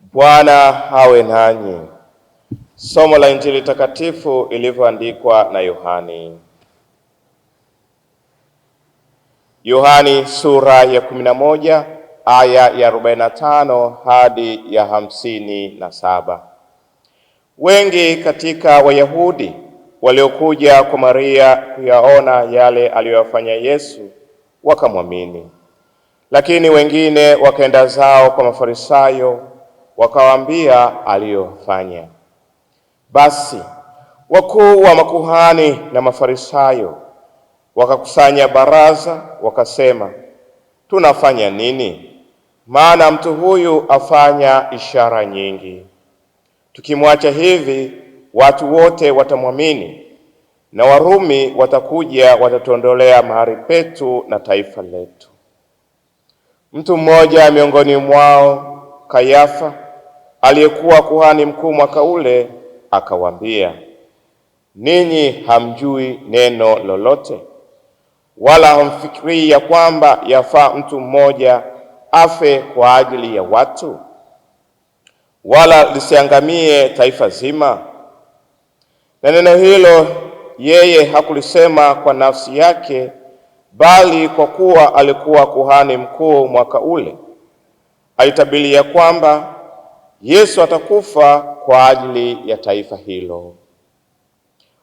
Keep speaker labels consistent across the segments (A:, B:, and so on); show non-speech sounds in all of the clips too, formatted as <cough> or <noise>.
A: Bwana awe nanyi. Somo la Injili takatifu ilivyoandikwa na Yohani. Yohani sura ya kumi na moja aya ya arobaini na tano hadi ya hamsini na saba. Wengi katika Wayahudi waliokuja kwa Maria kuyaona yale aliyoyafanya Yesu wakamwamini, lakini wengine wakaenda zao kwa Mafarisayo wakawaambia aliyofanya. Basi wakuu wa makuhani na Mafarisayo wakakusanya baraza, wakasema, tunafanya nini? Maana mtu huyu afanya ishara nyingi. Tukimwacha hivi, watu wote watamwamini, na Warumi watakuja, watatuondolea mahali petu na taifa letu. Mtu mmoja miongoni mwao, Kayafa aliyekuwa kuhani mkuu mwaka ule akawaambia, ninyi hamjui neno lolote, wala hamfikirii ya kwamba yafaa mtu mmoja afe kwa ajili ya watu, wala lisiangamie taifa zima? Na neno hilo yeye hakulisema kwa nafsi yake, bali kwa kuwa alikuwa kuhani mkuu mwaka ule, alitabiri ya kwamba Yesu atakufa kwa ajili ya taifa hilo,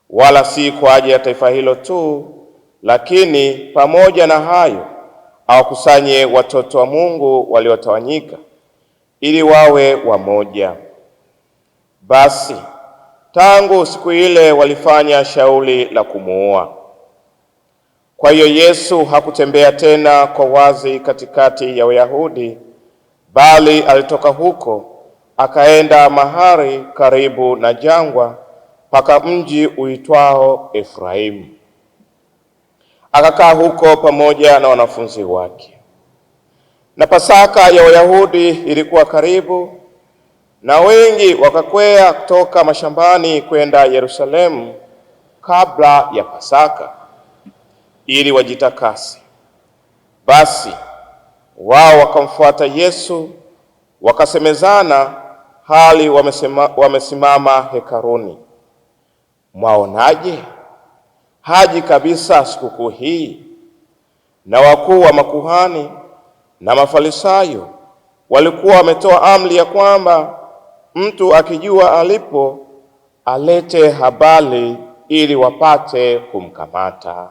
A: wala si kwa ajili ya taifa hilo tu, lakini pamoja na hayo awakusanye watoto wa Mungu waliotawanyika ili wawe wamoja. Basi tangu siku ile walifanya shauri la kumuua. Kwa hiyo Yesu hakutembea tena kwa wazi katikati ya Wayahudi, bali alitoka huko akaenda mahali karibu na jangwa mpaka mji uitwao Efraimu, akakaa huko pamoja na wanafunzi wake. Na Pasaka ya Wayahudi ilikuwa karibu, na wengi wakakwea kutoka mashambani kwenda Yerusalemu kabla ya Pasaka ili wajitakase. Basi wao wakamfuata Yesu wakasemezana hali wamesema, wamesimama hekaruni. Mwaonaje? Haji kabisa sikukuu hii? Na wakuu wa makuhani na mafarisayo walikuwa wametoa amri ya kwamba mtu akijua alipo alete habari ili wapate kumkamata.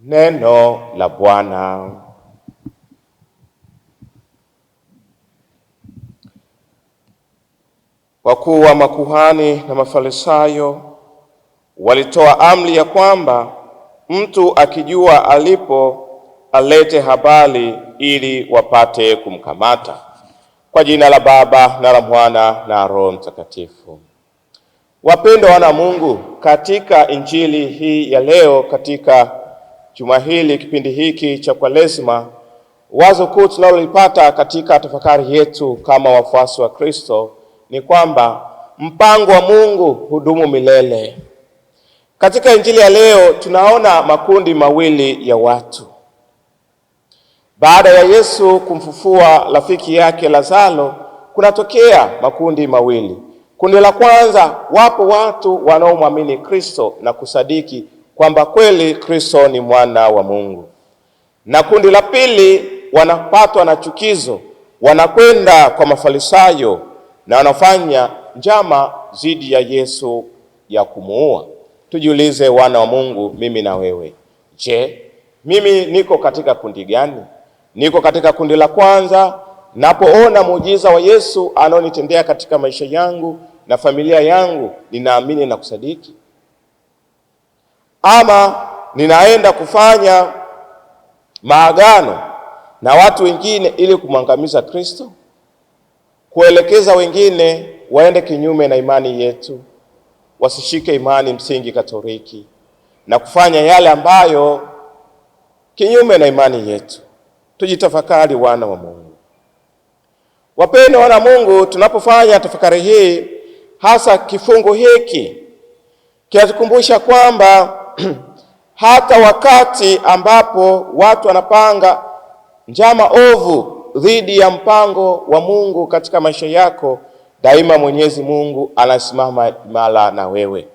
A: Neno la Bwana. Wakuu wa makuhani na Mafarisayo walitoa amri ya kwamba mtu akijua alipo alete habari ili wapate kumkamata. Kwa jina la Baba na la Mwana na Roho Mtakatifu. Wapendwa wana Mungu, katika injili hii ya leo, katika juma hili, kipindi hiki cha Kwaresma, wazo kuu tunalolipata katika tafakari yetu kama wafuasi wa Kristo ni kwamba mpango wa Mungu hudumu milele. Katika injili ya leo tunaona makundi mawili ya watu. Baada ya Yesu kumfufua rafiki yake Lazaro, kunatokea makundi mawili. Kundi la kwanza, wapo watu wanaomwamini Kristo na kusadiki kwamba kweli Kristo ni mwana wa Mungu, na kundi la pili wanapatwa na chukizo, wanakwenda kwa Mafarisayo na wanafanya njama dhidi ya Yesu ya kumuua. Tujiulize wana wa Mungu, mimi na wewe, je, mimi niko katika kundi gani? Niko katika kundi la kwanza, napoona muujiza wa Yesu anaonitendea katika maisha yangu na familia yangu, ninaamini na kusadiki, ama ninaenda kufanya maagano na watu wengine ili kumwangamiza Kristo? kuelekeza wengine waende kinyume na imani yetu, wasishike imani msingi Katoliki na kufanya yale ambayo kinyume na imani yetu. Tujitafakari wana wa Mungu. Wapendwa wana Mungu, tunapofanya tafakari hii, hasa kifungu hiki kinatukumbusha kwamba <clears throat> hata wakati ambapo watu wanapanga njama ovu dhidi ya mpango wa Mungu katika maisha yako, daima Mwenyezi Mungu anasimama imara na wewe.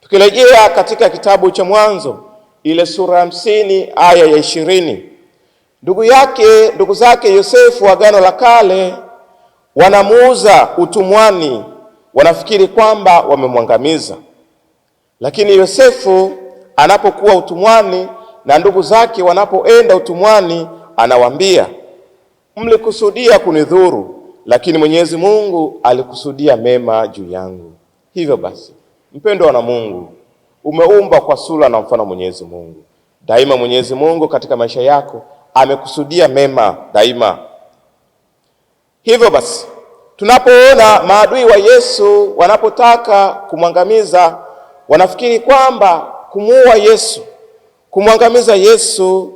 A: Tukirejea katika kitabu cha Mwanzo ile sura hamsini aya ya ishirini ndugu yake ndugu zake Yosefu wa Agano la Kale wanamuuza utumwani, wanafikiri kwamba wamemwangamiza, lakini Yosefu anapokuwa utumwani na ndugu zake wanapoenda utumwani, anawaambia mlikusudia kunidhuru, lakini Mwenyezi Mungu alikusudia mema juu yangu. Hivyo basi, mpendwa na Mungu, umeumba kwa sura na mfano Mwenyezi Mungu. Daima Mwenyezi Mungu katika maisha yako amekusudia mema daima. Hivyo basi, tunapoona maadui wa Yesu wanapotaka kumwangamiza, wanafikiri kwamba kumuua Yesu, kumwangamiza Yesu,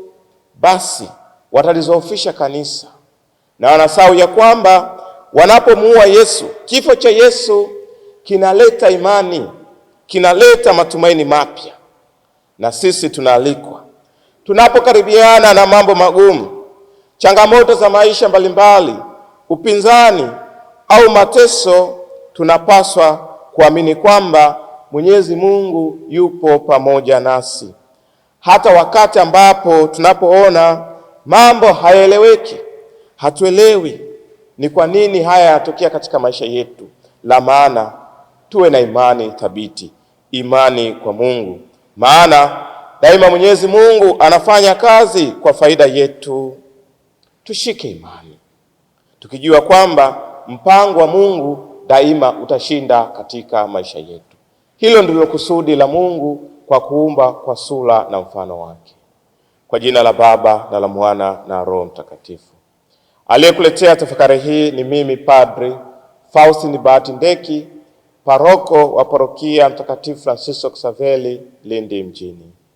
A: basi watalizoofisha kanisa, na wanasahau ya kwamba wanapomuua Yesu, kifo cha Yesu kinaleta imani, kinaleta matumaini mapya. Na sisi tunaalikwa tunapokaribiana na mambo magumu, changamoto za maisha mbalimbali, upinzani au mateso, tunapaswa kuamini kwamba Mwenyezi Mungu yupo pamoja nasi hata wakati ambapo tunapoona mambo hayaeleweki Hatuelewi ni kwa nini haya yatokea katika maisha yetu. La maana tuwe na imani thabiti, imani kwa Mungu, maana daima Mwenyezi Mungu anafanya kazi kwa faida yetu. Tushike imani tukijua kwamba mpango wa Mungu daima utashinda katika maisha yetu. Hilo ndilo kusudi la Mungu kwa kuumba kwa sura na mfano wake. Kwa jina la Baba na la Mwana na Roho Mtakatifu. Aliyekuletea tafakari hii ni mimi Padri Faustin Bahati Ndeki, paroko wa parokia Mtakatifu Francisco Xaveri Lindi mjini.